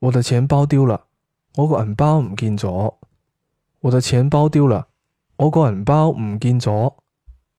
我的錢包丟啦，我個銀包唔見咗。我的錢包丟啦，我個銀包唔見咗。